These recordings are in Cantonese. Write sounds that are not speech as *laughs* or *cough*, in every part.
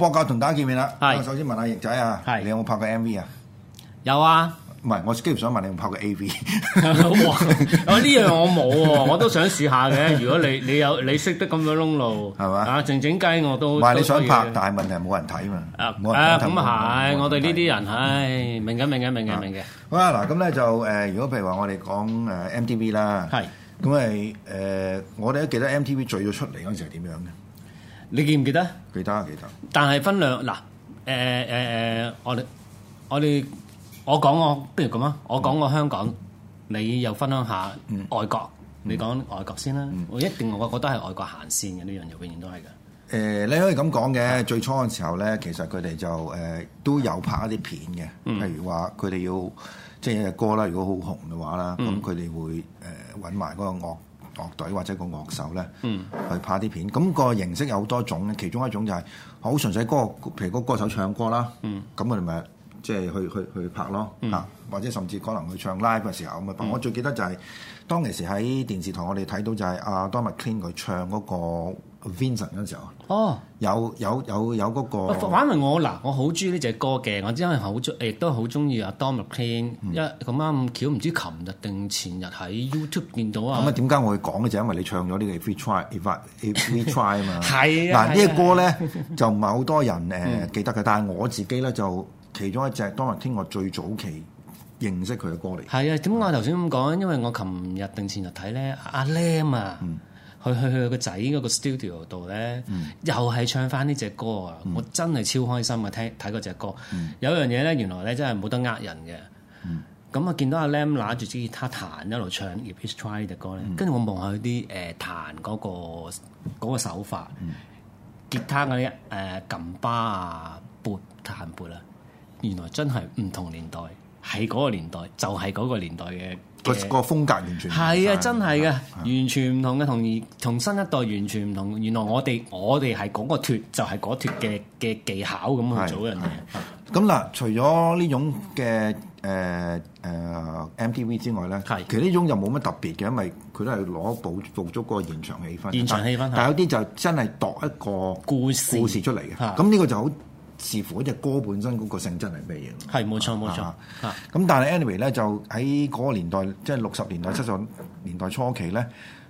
博格同大家見面啦。我首先問下翼仔啊，你有冇拍過 MV 啊？有啊。唔係，我幾乎想問你有冇拍過 AV。我呢樣我冇喎，我都想試下嘅。如果你你有你識得咁樣窿路係嘛？啊，靜靜雞我都。唔係你想拍，但係問題係冇人睇嘛。啊啊咁係，我哋呢啲人唉，明嘅明嘅明嘅明嘅。好啦，嗱咁咧就誒，如果譬如話我哋講誒 MTV 啦，係咁係誒，我哋都記得 MTV 最早出嚟嗰陣時係點樣嘅？你記唔記,記得？記得啊，記得。但係分量，嗱，誒誒誒，我哋我哋我講我，不如咁啊，我講我香港，嗯、你又分享下外國，你講外國先啦。嗯嗯、我一定我覺得係外國行線嘅呢樣嘢，永遠都係嘅。誒、呃，你可以咁講嘅。是最初嘅時候咧，其實佢哋就誒、呃、都有拍一啲片嘅，譬、嗯、如話佢哋要即係一隻歌啦，如果好紅嘅話啦，咁佢哋會誒揾埋嗰個樂。樂隊或者個樂手咧，嗯、去拍啲片，咁、個形式有好多種咧。其中一種就係好純粹歌，譬如個歌手唱歌啦，咁我哋咪即係去去去拍咯，啊、嗯，或者甚至可能去唱 live 嘅時候咁啊。嗯、我最記得就係、是、當其時喺電視台我哋睇到就係阿 Don McLean 佢唱嗰、那個。Vincent 嗰時候哦，有有有有嗰個，反為我嗱，我好中意呢隻歌嘅，我因係好中，亦都好中意阿 Dominic King 因為咁啱巧唔知琴日定前日喺 YouTube 見到啊，咁啊點解我會講嘅就因為你唱咗呢個 If We Try If If We Try 啊嘛，係啊，嗱呢個歌咧就唔係好多人誒記得嘅，但係我自己咧就其中一隻 Dominic King 我最早期認識佢嘅歌嚟，係啊，點解我頭先咁講？因為我琴日定前日睇咧阿 Lam 啊。去去去個仔嗰個 studio 度咧、嗯，又係唱翻呢隻歌啊！嗯、我真係超開心啊！聽睇嗰隻歌，嗯、有樣嘢咧，原來咧真係冇得呃人嘅。咁啊、嗯，見到阿 Lam 拿住支吉他彈，一路唱《If He's Trying》嘅歌咧，跟住我望下佢啲誒彈嗰、嗰個嗰個手法，嗯、吉他嗰啲誒撳 bar 啊撥彈撥啊，原來真係唔同年代。係嗰個年代，就係、是、嗰個年代嘅個個風格完全係啊，真係嘅，的完全唔同嘅，同而同新一代完全唔同。原來我哋我哋係講個脫就係嗰脫嘅嘅技巧咁去做一樣嘢。咁嗱，除咗呢種嘅誒誒 MTV 之外咧，係的其實呢種就冇乜特別嘅，因為佢都係攞捕捉嗰個現場氣氛。現場氣氛係。但，的但有啲就真係度一個故事出嚟嘅。咁呢個就好。 *noise* 視乎嗰隻歌本身嗰個性質係咩嘢咯？係冇錯冇錯。咁、啊、但係 Anyway 咧，就喺嗰個年代，即係六十年代七十年代初期咧，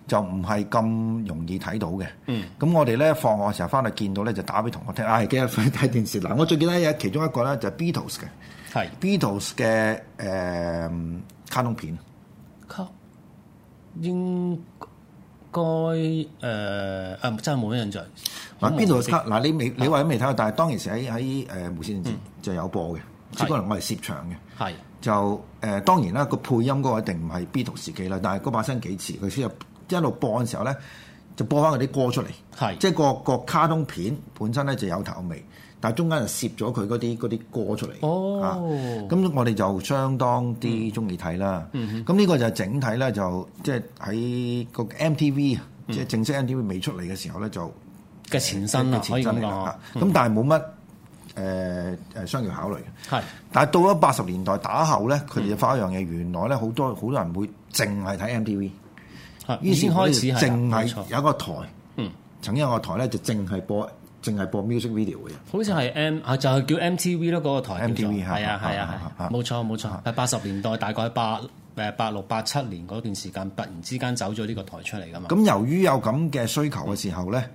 就唔係咁容易睇到嘅。咁、嗯、我哋咧放學時候翻去見到咧，就打俾同學聽。唉、哎，幾日去睇電視？嗱， *laughs* 我最記得有其中一個咧就係 Be 的 Beatles 嘅。係 Beatles 嘅誒卡通片。該誒誒、呃啊、真係冇乜印象。嗱，邊度睇？嗱 el、啊、你未你話都未睇啊！但係當時係喺喺誒無線電視就有播嘅。嗯、只不過我係攝場嘅。係的就誒、呃、當然啦，個配音嗰個一定唔係 Beatles 時期啦。但係嗰把聲幾遲，佢先入一路播嘅時候咧，就播翻嗰啲歌出嚟。係的即係個個卡通片本身咧就有頭尾。但係中間人攝咗佢嗰啲啲歌出嚟，哦，咁我哋就相當啲中意睇啦。咁呢個就整體咧，就即係喺個 MTV，即係正式 MTV 未出嚟嘅時候咧，就嘅前身啦，可以講，咁但係冇乜誒誒商業考慮嘅。但係到咗八十年代打後咧，佢哋發一樣嘢原來咧，好多好多人會淨係睇 MTV。於是開始淨係有一個台，曾經有個台咧就淨係播。淨係播 music video 嘅，好似係 M， *music* 就係叫 MTV 咯，嗰個台，MTV 嚇，係啊係啊，冇錯冇錯，係八十年代大概八誒八六八七年嗰段時間，突然之間走咗呢個台出嚟㗎嘛。咁由於有咁嘅需求嘅時候咧，嗯、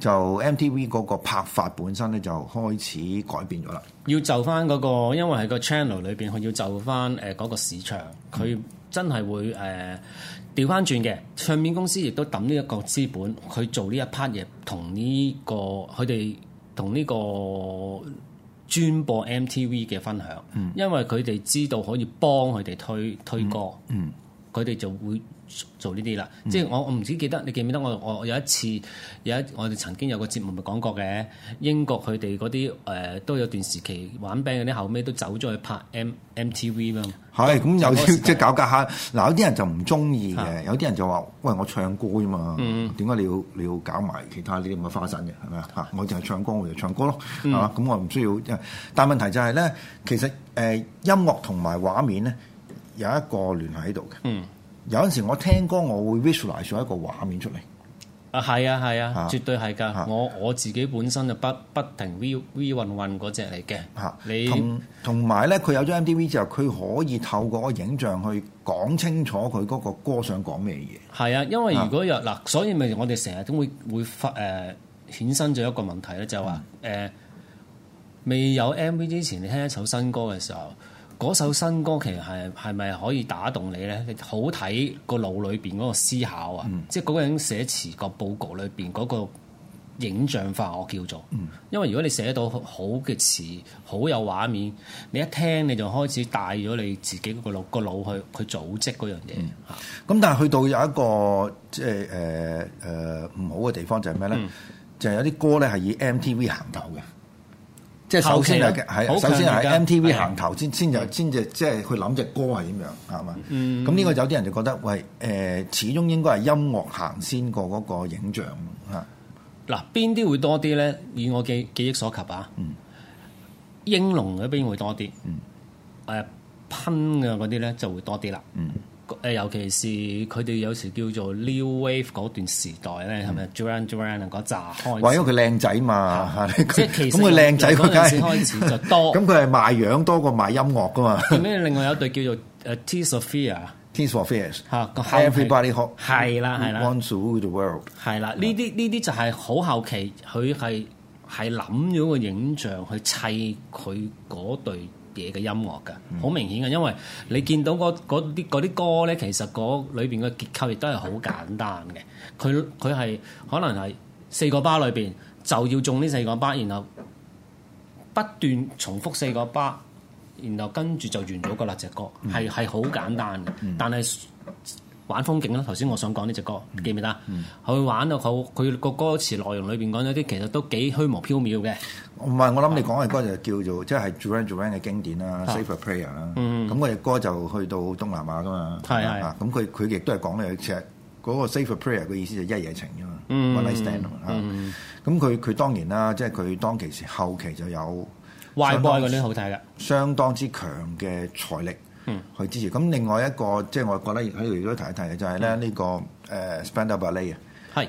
就 MTV 嗰個拍法本身咧就開始改變咗啦。要就返、那、嗰個，因為係個 channel 裏邊佢要就返誒嗰個市場，佢真係會誒。呃調翻轉嘅唱片公司亦都揼呢一個資本去做呢一 part 嘢，同呢個佢哋同呢個專播 MTV 嘅分享，因為佢哋知道可以幫佢哋推推歌，佢哋、嗯嗯、就會。做呢啲啦，即係我我唔知記得，你記唔記得我我有一次有一我哋曾經有個節目咪講過嘅，英國佢哋嗰啲誒都有段時期玩 band 嗰啲，後尾都走咗去拍 M M T V 啦。係咁有啲即係搞架下，嗱有啲人就唔中意嘅，有啲人就話：喂，我唱歌啫嘛，點解、嗯、你要你要搞埋其他呢啲咁嘅花臣嘅？係咪啊？吓、嗯，我就係唱歌我就唱歌咯，係嘛、嗯？咁、嗯、我唔需要，但係問題就係、是、咧，其實誒、呃、音樂同埋畫面咧有一個聯繫喺度嘅。嗯嗯有陣時我聽歌，我會 visualize 咗一個畫面出嚟。啊，係啊，係啊，絕對係㗎。我我自己本身就不不停 v i e v i e 嗰隻嚟嘅。嚇，同同埋咧，佢有咗 M D V 之後，佢可以透過個影像去講清楚佢嗰個歌想講咩嘢。係啊，因為如果若嗱，所以咪我哋成日都會會發誒衍生咗一個問題咧，就係話誒未有 M V 之前，你聽一首新歌嘅時候。嗰首新歌其實係係咪可以打動你咧？你好睇個腦裏邊嗰個思考啊，嗯、即係嗰個人寫詞、嗰個佈局裏邊嗰個影像化，我叫做，嗯、因為如果你寫到好嘅詞，好有畫面，你一聽你就開始帶咗你自己個腦個腦去去組織嗰樣嘢。咁、嗯、但係去到有一個即係誒誒唔好嘅地方就係咩咧？就係、是嗯、有啲歌咧係以 MTV 行頭嘅。即係首先係嘅，係首先喺 MTV 行頭先，先就先至，即係佢諗隻歌係點樣，係嘛？咁呢個有啲人就覺得，喂誒，始終應該係音樂行先過嗰個影像嚇。嗱，邊啲會多啲咧？以我嘅記憶所及啊，英、嗯、龍嗰邊會多啲，誒、嗯、噴嘅嗰啲咧就會多啲啦。嗯誒，尤其是佢哋有時叫做 New Wave 嗰段時代咧，係咪 Joanne Joanne 能夠炸開，因為佢靚仔嘛，即係的其實咁佢靚仔，佢嗰陣時開始就多。咁佢係賣樣多過賣音樂㗎嘛？點解另外有對叫做誒 Tears for Fears？Tears for Fears 嚇的 Everybody 學係啦係啦 wants to rule the world 係啦。呢啲呢啲就係好後期，佢係係諗咗個影像去砌佢嗰對嘢嘅音樂㗎，好明顯嘅，因為你見到嗰啲啲歌呢，其實嗰裏邊嘅結構亦都係好簡單嘅，佢佢係可能係四個巴裏邊就要中呢四個巴，然後不斷重複四個巴，然後跟住就完咗個律隻歌，係係好簡單嘅，但係，玩風景啦。頭先我想講呢隻歌記唔記得？去、嗯、玩到好，佢個歌詞內容裏邊講咗啲其實都幾虛無縹緲嘅。唔係，我諗你講嘅歌就叫做即係《Duran Duran》嘅經典啦，《Save a Prayer》啦。嗯嗯。咁嗰隻歌就去到東南亞噶嘛。係係是是、啊。咁佢佢亦都係講嘅，其實嗰個《Save a Prayer》嘅意思就一夜情啫嘛。One night stand 啊。咁佢佢當然啦，即係佢當其時後期就有。YBO 嗰啲好睇㗎。相當之強嘅財力。去支持。咁 *noise* 另外一個，即係我覺得喺度都提一提嘅，就係咧呢個誒《Spandau Ballet》啊，係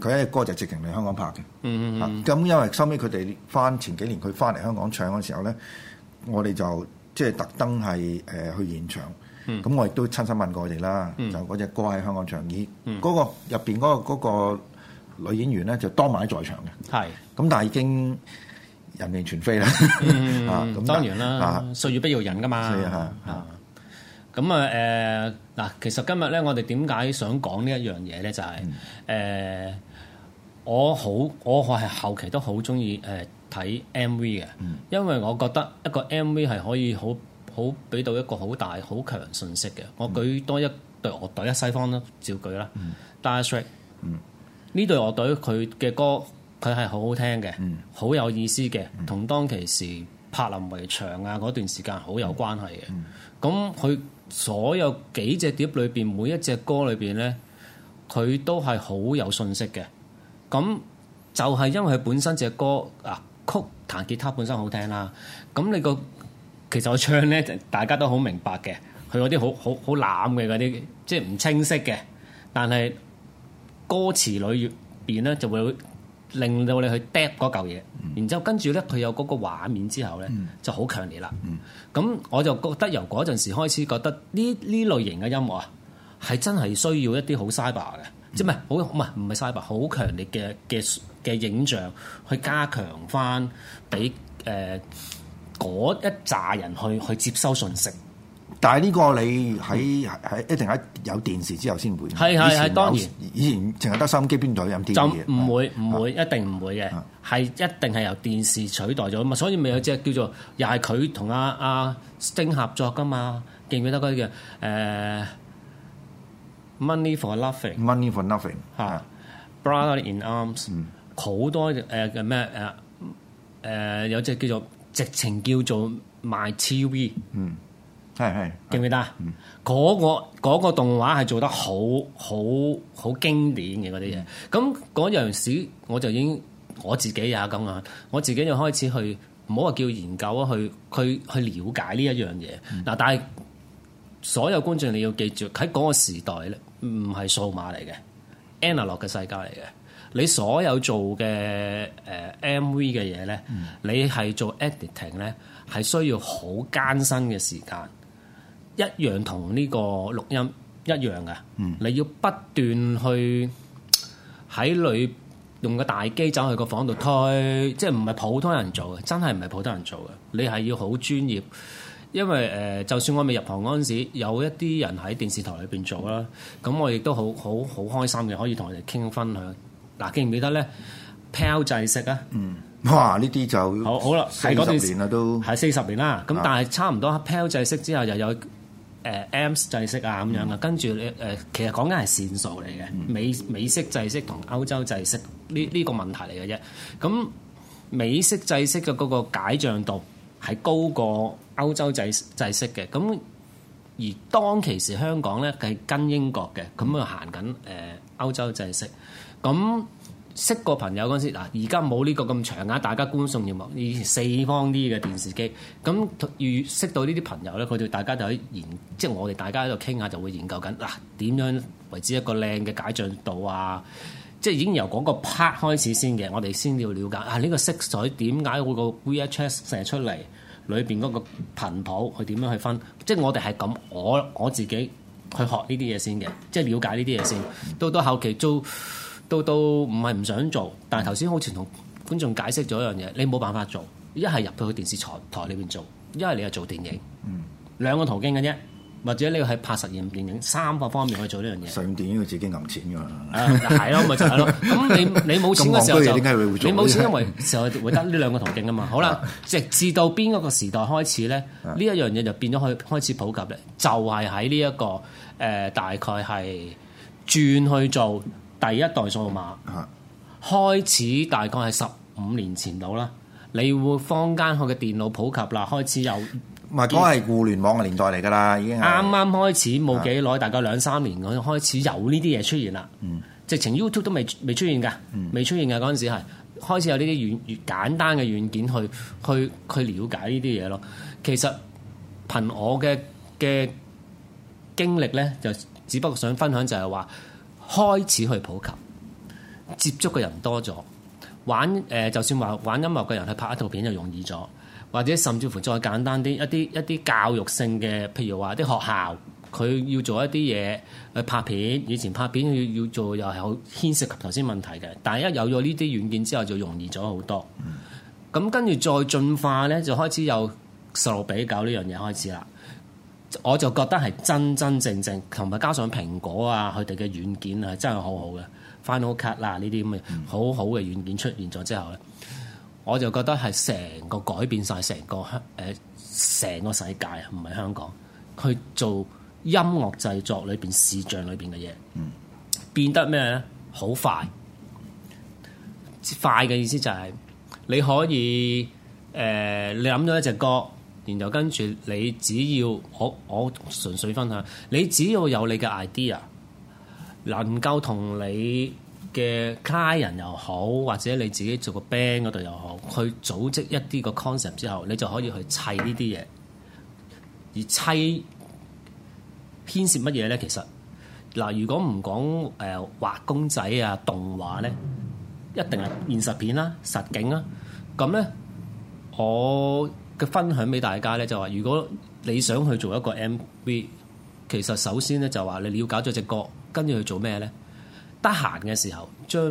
佢喺隻歌就直情嚟香港拍嘅。咁因為收尾佢哋翻前幾年佢翻嚟香港唱嘅時候咧，我哋就即係特登係誒去現場。咁我亦都親身問過佢哋啦，就嗰隻歌喺香港唱，以嗰個入邊嗰個女演員咧，就當晚在場嘅。係。咁但係已經人面全非啦。咁當然啦，歲月不饒人噶嘛。係啊。咁啊誒嗱，其實今日咧、就係嗯呃，我哋點解想講呢一樣嘢咧？就係誒，我好我係後期都好中意誒睇 MV 嘅，嗯、因為我覺得一個 MV 係可以好好俾到一個好大好強信息嘅。我舉多一隊樂隊喺西方啦，照舉啦，Daft Punk。呢隊、嗯嗯、樂隊佢嘅歌佢係好好聽嘅，好、嗯、有意思嘅，同、嗯嗯、當其時。柏林圍牆啊，嗰段時間好有關係嘅。咁佢、嗯、所有幾隻碟裏邊，每一隻歌裏邊咧，佢都係好有信息嘅。咁就係因為佢本身隻歌啊曲彈吉他本身好聽啦。咁你個其實我唱咧，大家都好明白嘅。佢嗰啲好好好濫嘅嗰啲，即係唔清晰嘅。但係歌詞裏邊咧就會。令到你去 drop 嗰嚿嘢，然之後跟住咧，佢有個畫面之後咧，就好強烈啦。咁 *noise* 我就覺得由陣時開始覺得呢呢類型嘅音樂啊，係真係需要一啲好 cyber 嘅，即係唔係好唔係唔係 cyber，好強烈嘅嘅嘅影像去加強翻俾誒一紮人去去接收信息。但係呢個你喺喺一定喺有電視之後先會。係係係，當然以前淨係得收音機，邊度有電視就唔會唔會，一定唔會嘅，係、啊啊、一定係由電視取代咗啊嘛。所以咪有隻叫做又係佢同阿阿 Sting 合作㗎嘛，記唔記得嗰啲叫誒 Money for Loving Money for Nothing 嚇、啊啊、Brother in Arms 好、嗯、多誒嘅咩誒誒有隻叫做直情叫做賣 TV、嗯。係係，記唔記得？嗰、嗯嗰個嗰、嗰個動畫係做得好好好經典嘅嗰啲嘢。咁嗰陣時我就已經我自己也咁啊，我自己就開始去唔好話叫研究啊，去去去了解呢一樣嘢。嗱、嗯，但係所有觀眾你要記住喺嗰個時代咧，唔係數碼嚟嘅 analog 嘅世界嚟嘅。你所有做嘅誒、呃、MV 嘅嘢咧，嗯、你係做 editing 咧，係需要好艱辛嘅時間。一樣同呢個錄音一樣嘅，嗯、你要不斷去喺裏用個大機走去個房度推，即係唔係普通人做嘅，真係唔係普通人做嘅，你係要好專業。因為誒、呃，就算我未入行嗰陣時，有一啲人喺電視台裏邊做啦，咁、嗯、我亦都好好好開心嘅，可以同佢哋傾分享。嗱、啊，記唔記得咧？PAL 制式啊，嗯，哇，呢啲就好好啦，四十年啦都係四十年啦。咁但係差唔多 PAL 制式之後又有。誒 a m s 制式啊，咁樣嘅，跟住誒，其實講緊係線數嚟嘅，美美式制式同歐洲制式呢呢個問題嚟嘅啫。咁美式制式嘅嗰個解像度係高過歐洲制制式嘅。咁而當其時香港咧係跟英國嘅，咁啊行緊誒歐洲制式咁。識個朋友嗰陣時，嗱而家冇呢個咁長眼，大家觀眾任務，以前四方啲嘅電視機，咁遇識到呢啲朋友咧，佢哋大家就喺研，即係我哋大家喺度傾下，就會研究緊嗱點樣為之一個靚嘅解像度啊！即係已經由嗰個拍開始先嘅，我哋先要了解啊呢個色彩點解會個 VHS 射出嚟裏邊嗰個頻譜，佢點樣去分？即係我哋係咁，我我自己去學呢啲嘢先嘅，即係了解呢啲嘢先，到到後期做。到到唔係唔想做，但係頭先好似同觀眾解釋咗一樣嘢，你冇辦法做。一係入去個電視台台裏邊做，一係你係做電影，兩個途徑嘅啫。或者你係拍實驗電影，三個方面可以做呢樣嘢。實驗電影要自己揞錢㗎、啊啊。係咯，咪就係、是、咯。咁你你冇錢嘅時候就會做你冇錢，因為時候會得呢兩個途徑啊嘛。好啦，直至到邊一個時代開始咧，呢一樣嘢就變咗去開始普及咧，就係喺呢一個誒、呃，大概係轉去做。第一代數碼、嗯、開始大概係十五年前到啦，你會、嗯、坊間嘅電腦普及啦，開始有，唔係講係互聯網嘅年代嚟㗎啦，已經啱啱開始冇幾耐，大概兩三年噉開始有呢啲嘢出現啦。嗯，直情 YouTube 都未未出現㗎，未出現㗎嗰陣時係開始有呢啲軟簡單嘅軟件去去去了解呢啲嘢咯。其實憑我嘅嘅經歷呢，就只不過想分享就係話。開始去普及，接觸嘅人多咗，玩誒、呃、就算話玩音樂嘅人去拍一套片就容易咗，或者甚至乎再簡單啲，一啲一啲教育性嘅，譬如話啲學校佢要做一啲嘢去拍片，以前拍片要要做又係好牽涉及頭先問題嘅，但係一有咗呢啲軟件之後就容易咗好多。咁跟住再進化咧，就開始有十六比九呢樣嘢開始啦。我就覺得係真真正正，同埋加上蘋果啊，佢哋嘅軟件好好 *noise* 啊，真係好好嘅，Final Cut 啦呢啲咁嘅好好嘅軟件出現咗之後咧，我就覺得係成個改變晒，成個香誒成個世界，唔係香港佢做音樂製作裏邊視像裏邊嘅嘢， *noise* 變得咩咧？好快！快嘅意思就係你可以、呃、你諗咗一隻歌。然後跟住你只要我我純粹分享，你只要有你嘅 idea，能夠同你嘅家人又好，或者你自己做個 band 嗰度又好，去組織一啲個 concept 之後，你就可以去砌呢啲嘢。而砌牽涉乜嘢呢？其實嗱，如果唔講誒畫公仔啊、動畫呢，一定係現實片啦、實景啦。咁呢，我嘅分享俾大家咧，就話如果你想去做一個 MV，其實首先咧就話你了解咗隻歌，跟住去做咩咧？得閒嘅時候，將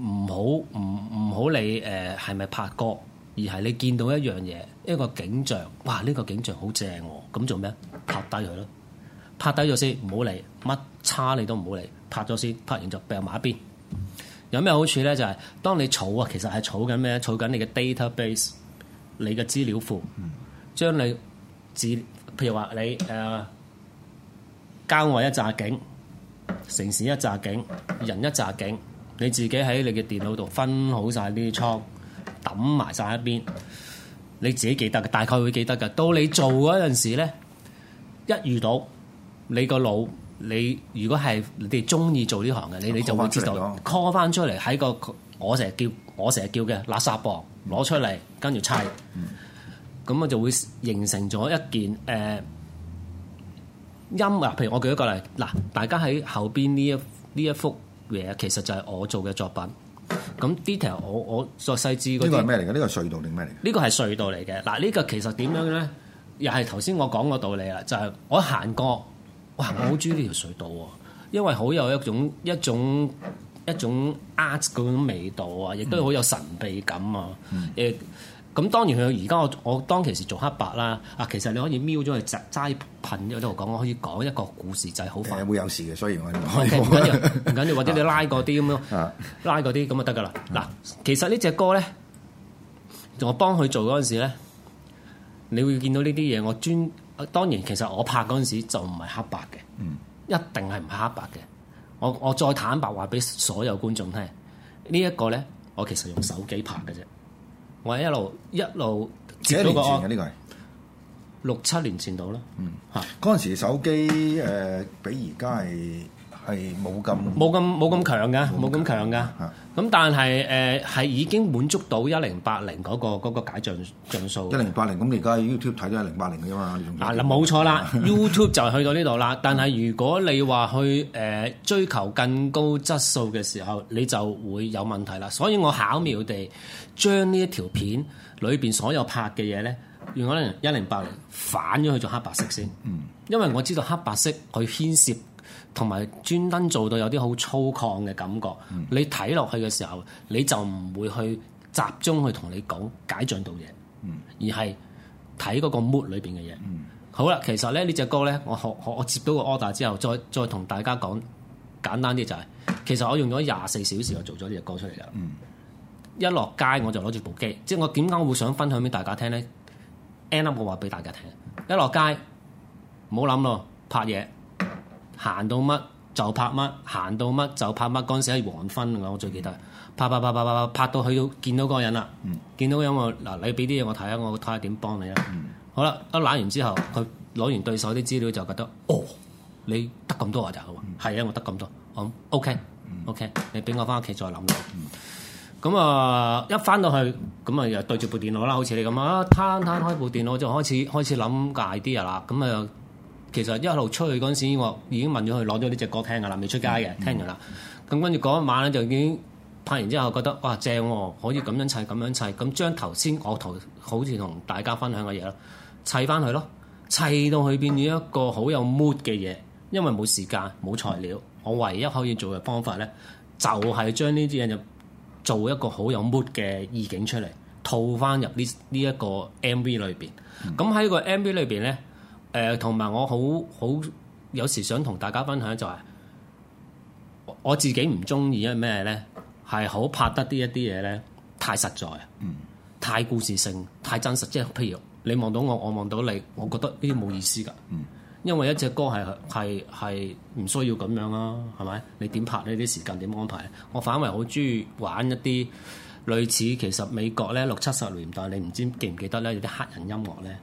唔好唔唔好理誒係咪拍歌，而係你見到一樣嘢，一個景象，哇！呢、這個景象好正喎，咁做咩？拍低佢咯，拍低咗先，唔好理，乜差你都唔好理，拍咗先，拍完就掟埋一邊。有咩好處咧？就係、是、當你儲啊，其實係儲緊咩？儲緊你嘅 database。你嘅資料庫，將你自，譬如話你誒郊外一扎景，城市一扎景，人一扎景，你自己喺你嘅電腦度分好晒啲倉，揼埋晒一邊，你自己記得嘅，大概會記得嘅。到你做嗰陣時咧，一遇到你個腦，你如果係你哋中意做呢行嘅，你你就會知道 call 翻出嚟喺個。我成日叫，我成日叫嘅垃圾布攞出嚟，跟住砌，咁我、嗯、就會形成咗一件誒、呃、音樂！譬如我舉一個例，嗱，大家喺後邊呢一呢一幅嘢，其實就係我做嘅作品。咁 detail，我我再細緻嗰啲。呢個係咩嚟嘅？呢個係隧道定咩嚟？呢個係隧道嚟嘅。嗱，呢個其實點樣咧？又係頭先我講個道理啦，就係、是、我行過，哇！我好鍾意呢條隧道喎，因為好有一種一種。一種一種 art 嗰種味道啊，亦都好有神秘感啊！誒，咁當然佢而家我我當其時做黑白啦。啊，其實你可以瞄咗去齋噴，有啲何講，我可以講一個故事就係好快，會有事嘅。所以，我以，我唔緊要，唔緊要，或者你拉嗰啲咁樣，拉嗰啲咁就得噶啦。嗱，其實呢隻歌咧，我幫佢做嗰陣時咧，你會見到呢啲嘢。我專當然其實我拍嗰陣時就唔係黑白嘅，嗯，一定係唔係黑白嘅。我我再坦白話俾所有觀眾聽。這個、呢一個咧，我其實用手機拍嘅啫。我一路一路接咗個案嘅呢個係六七年前度啦，嗯嚇，嗰陣、啊、時手機誒、呃、比而家係。係冇咁冇咁冇咁強嘅，冇咁強嘅。咁、嗯、但係誒係已經滿足到一零八零嗰個解像像素。一零八零咁而家 YouTube 睇咗一零八零嘅嘛。嗱、啊，冇錯啦 *laughs* ，YouTube 就去到呢度啦。但係如果你話去誒、呃、追求更高質素嘅時候，你就會有問題啦。所以我巧妙地將呢一條片裏邊所有拍嘅嘢呢，用一零一零八零反咗去做黑白色先。嗯，因為我知道黑白色去牽涉。同埋專登做到有啲好粗獷嘅感覺，嗯、你睇落去嘅時候，你就唔會去集中去同你講解像到嘢，嗯、而係睇嗰個 mood 裏邊嘅嘢。嗯、好啦，其實咧呢隻歌咧，我學學我，我接到個 order 之後，再再同大家講簡單啲就係、是，其實我用咗廿四小時我做咗呢隻歌出嚟㗎。嗯、一落街我就攞住部機，即係我點解會想分享俾大家聽咧？End up 我話俾大家聽，一落街唔好諗咯，拍嘢。行到乜就拍乜，行到乜就拍乜，嗰時喺黃昏我最記得，拍拍拍拍拍拍，拍到去到見到個人啦，嗯、見到個人我嗱，你俾啲嘢我睇下，我睇下點幫你啊，嗯、好啦，一揦完之後佢攞完對手啲資料就覺得哦，你得咁多、嗯、我就係、嗯嗯、啊，我得咁多，我 OK OK，你俾我翻屋企，再諗，咁啊一翻到去咁啊又對住部電腦啦，好似你咁啊攤攤開部電腦就開始開始諗 idea 啦，咁啊。其實一路出去嗰陣時，我已經問咗佢攞咗呢隻歌聽噶啦，未出街嘅，嗯、聽完了啦。咁跟住嗰一晚咧，就已經拍完之後覺得哇正喎、哦，可以咁樣砌咁樣砌。咁將頭先我同好似同大家分享嘅嘢咯，砌翻佢咯，砌到佢變咗一個好有 mood 嘅嘢。因為冇時間冇材料，嗯、我唯一可以做嘅方法咧，就係、是、將呢啲嘢就做一個好有 mood 嘅意境出嚟，套翻入呢呢一個 M V 裏邊。咁喺、嗯、個 M V 裏邊咧。誒同埋我好好有時想同大家分享，就係我自己唔中意。因為咩呢？係好拍得啲一啲嘢呢，太實在，太故事性，太真實。即係譬如你望到我，我望到你，我覺得呢啲冇意思㗎。因為一隻歌係係係唔需要咁樣啊，係咪？你點拍呢啲？時間點安排？我反為好中意玩一啲。類似其實美國咧六七十年代，你唔知記唔記得咧？有啲黑人音樂咧，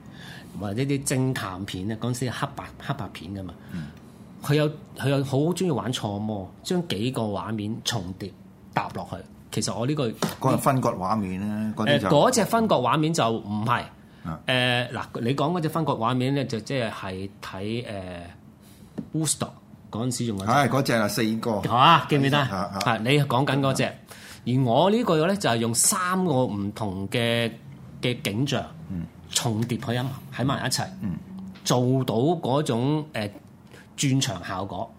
或者啲偵探片咧，嗰陣時黑白黑白片噶嘛。佢、嗯、有佢有好中意玩錯魔，將幾個畫面重疊搭落去。其實我呢個嗰個分割畫面咧，嗰啲隻分割畫面就唔係誒，嗱，你講嗰隻分割畫面咧，就即係睇誒 Woodstock 嗰陣時用嘅。係嗰隻啊，四個嚇，記唔記得？係你講緊嗰隻。而我呢個呢，就係用三個唔同嘅嘅景象重疊去融喺埋一齊，做到嗰種誒、呃、轉場效果。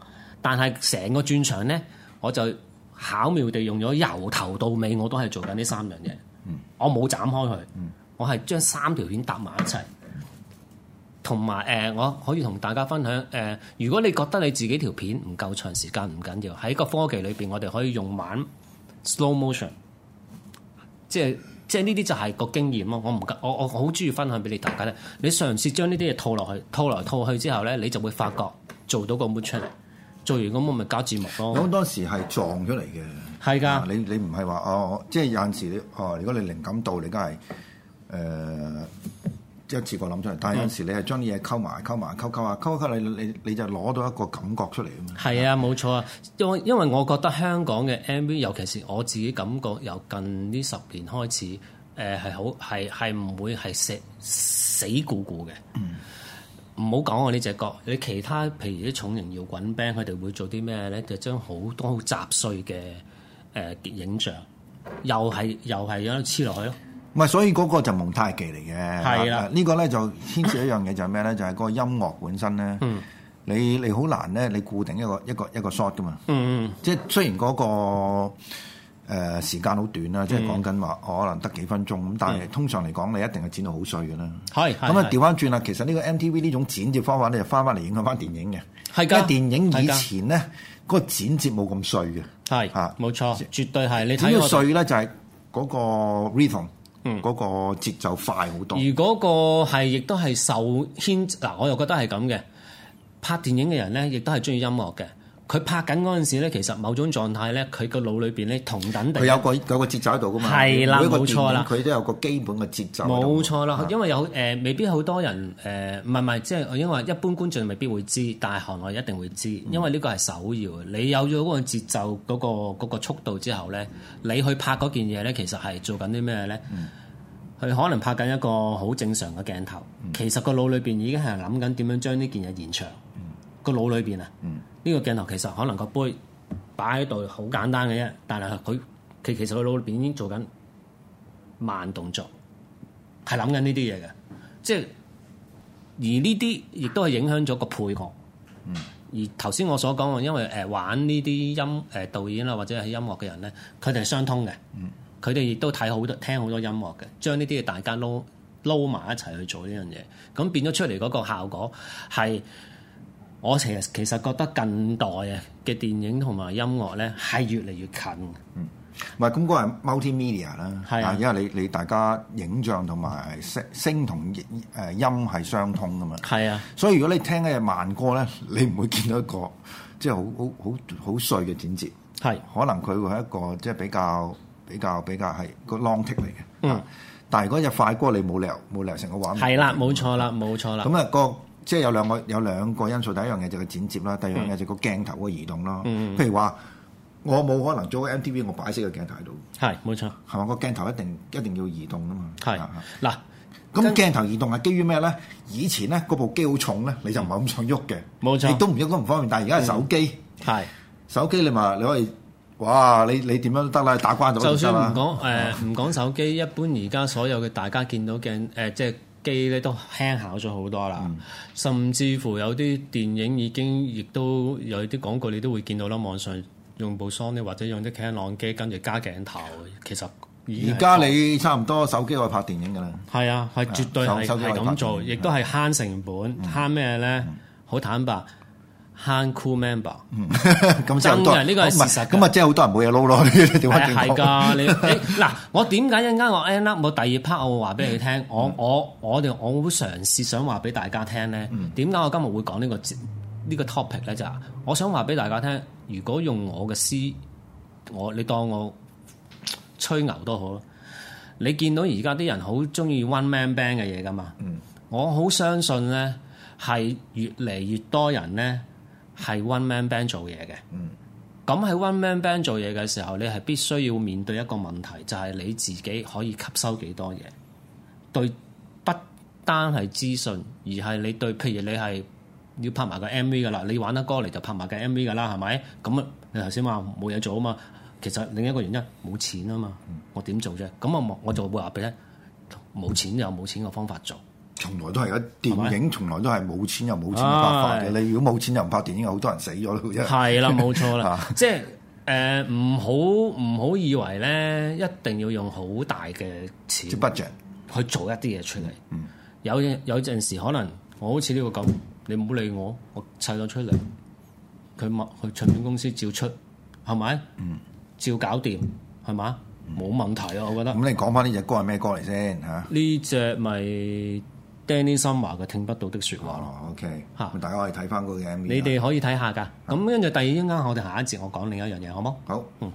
但係成個轉場呢，我就巧妙地用咗由頭到尾我都係做緊呢三樣嘢。嗯、我冇斬開佢，嗯、我係將三條片搭埋一齊，同埋誒我可以同大家分享誒、呃。如果你覺得你自己條片唔夠長時間，唔緊要，喺個科技裏邊，我哋可以用晚。Slow motion，即係即係呢啲就係個經驗咯。我唔我我好中意分享俾你大家咧。你嘗試將呢啲嘢套落去，套嚟套去之後咧，你就會發覺做到個 mood，做完咁我咪加字幕咯。咁當時係撞咗嚟嘅，係㗎的、啊。你你唔係話哦，即係有陣時哦，如果你靈感到，你梗係誒。呃一次過諗出嚟，但係有時你係將啲嘢溝埋、溝埋、溝溝啊、溝溝，你你你就攞到一個感覺出嚟啊嘛。係啊，冇錯啊，因為因為我覺得香港嘅 MV，尤其是我自己感覺，由近呢十年開始，誒、呃、係好係係唔會係死死鼓鼓嘅。唔好講我呢隻角，你其他譬如啲重型搖滾 band，佢哋會做啲咩咧？就將好多好雜碎嘅誒影像，又係又係喺度黐落去咯。唔係，所以嗰個就蒙太奇嚟嘅。係啊，呢個咧就牽涉一樣嘢，就係咩咧？就係嗰個音樂本身咧。嗯，你你好難咧，你固定一個一個一個 shot 噶嘛。嗯嗯。即係雖然嗰個誒時間好短啦，即係講緊話，可能得幾分鐘咁。但係通常嚟講，你一定係剪到好碎嘅啦。係。咁啊，調翻轉啦，其實呢個 MTV 呢種剪接方法咧，就翻翻嚟影響翻電影嘅。係㗎。因為電影以前咧，個剪接冇咁碎嘅。係。嚇，冇錯，絕對係。你睇到碎咧，就係嗰個 rhythm。嗯，個節奏快好多。如果個係亦都係受牽，嗱我又覺得係咁嘅，拍電影嘅人咧，亦都係中意音樂嘅。佢拍緊嗰陣時咧，其實某種狀態咧，佢個腦裏邊咧同等地，佢有個有個節奏喺度㗎嘛，係啦的，冇錯啦，佢都有個基本嘅節奏，冇錯啦。的因為有誒、呃，未必好多人誒，唔係唔係，即係、就是、因為一般觀眾未必會知，但係行內一定會知，因為呢個係首要。你有咗嗰個節奏嗰、那個那個速度之後咧，你去拍嗰件嘢咧，其實係做緊啲咩咧？佢、嗯、可能拍緊一個好正常嘅鏡頭，其實個腦裏邊已經係諗緊點樣將呢件嘢延長。個腦裏邊啊，呢個鏡頭其實可能個杯擺喺度好簡單嘅啫，但係佢其其實個腦裏邊已經做緊慢動作，係諗緊呢啲嘢嘅，即係而呢啲亦都係影響咗個配角。而頭先、嗯、我所講嘅，因為誒、呃、玩呢啲音誒、呃、導演啦、呃，或者係音樂嘅人咧，佢哋係相通嘅。佢哋亦都睇好多聽好多音樂嘅，將呢啲嘢大家撈撈埋一齊去做呢樣嘢，咁變咗出嚟嗰個效果係。我其實其實覺得近代嘅嘅電影同埋音樂咧係越嚟越近。嗯，唔係咁嗰個 multi-media 啦，是的 因為你你大家影像同埋聲聲同誒音係相通㗎嘛。係啊，所以如果你聽一隻慢歌咧，你唔會見到一個即係好好好好碎嘅剪接。係，是的 可能佢會係一個即係比較比較比較係個 long take 嚟嘅。是的 嗯，但係嗰隻快歌你冇理由冇理由成個畫面會會。係啦，冇錯啦，冇錯啦、那個。咁啊，個。即係有兩個有兩個因素，第一樣嘢就係剪接啦，第二樣嘢就個鏡頭嘅移動咯。嗯、譬如話，我冇可能做個 MTV，我擺喺識個鏡頭喺度。係，冇錯，係嘛、個鏡頭一定一定要移動啊嘛。係，嗱，咁鏡頭移動係基於咩咧？以前咧嗰部機好重咧，你就唔係咁想喐嘅。冇錯、嗯，亦都唔應該唔方便。但係而家係手機，係、嗯、手機你咪你可以，哇！你你點樣都得啦，打關到。就算啦。唔講唔講手機，一般而家所有嘅大家見到鏡誒、呃、即係。機咧都輕巧咗好多啦，嗯、甚至乎有啲電影已經亦都有啲廣告，你都會見到啦。網上用部 Sony 或者用啲 Canon 機，跟住加鏡頭，其實而家你差唔多手機可以拍電影噶啦。係啊，係絕對係係咁做，亦都係慳成本，慳咩咧？好、嗯、坦白。慳 cool member，咁真嘅呢個係事實，咁啊真係好多人冇嘢撈咯。係係㗎，你，嗱、哎，我點解一陣間我 end up？我第二 part 我會話俾你聽、嗯，我我我哋我會嘗試想話俾大家聽咧。點解、嗯、我今日會講呢、呢個呢、呢個 topic 咧？就係、我想話俾大家聽，如果用我嘅詩，我你當我吹牛都好啦。你見到而家啲人好中意 one man band 嘅嘢噶嘛？嗯、我好相信咧，係越嚟越多人咧。係 one man band 做嘢嘅，咁喺、嗯、one man band 做嘢嘅時候，你係必須要面對一個問題，就係、是、你自己可以吸收幾多嘢？對，不單係資訊，而係你對，譬如你係要拍埋個 MV 噶啦，你玩得歌嚟就拍埋個 MV 噶啦，係咪？咁你頭先話冇嘢做啊嘛，其實另一個原因冇錢啊嘛，我點做啫？咁我我就會話俾你，冇錢就有冇錢嘅方法做。從來都係一電影，從來都係冇錢又冇錢拍嘅。你如果冇錢又唔拍電影，好多人死咗咯。係啦，冇錯啦。即係誒，唔好唔好以為咧，一定要用好大嘅錢去做一啲嘢出嚟。有有陣時可能我好似呢個咁，你唔好理我，我砌咗出嚟，佢麥去唱片公司照出，係咪？嗯，照搞掂，係嘛？冇問題啊，我覺得。咁你講翻呢隻歌係咩歌嚟先吓？呢隻咪。Danny Summer 話佢聽不到的説話，哦，OK 是大家可以睇翻嗰個 MV。你哋可以睇下㗎，咁跟住第二陣間我哋下一節我講另一樣嘢，好冇？好。嗯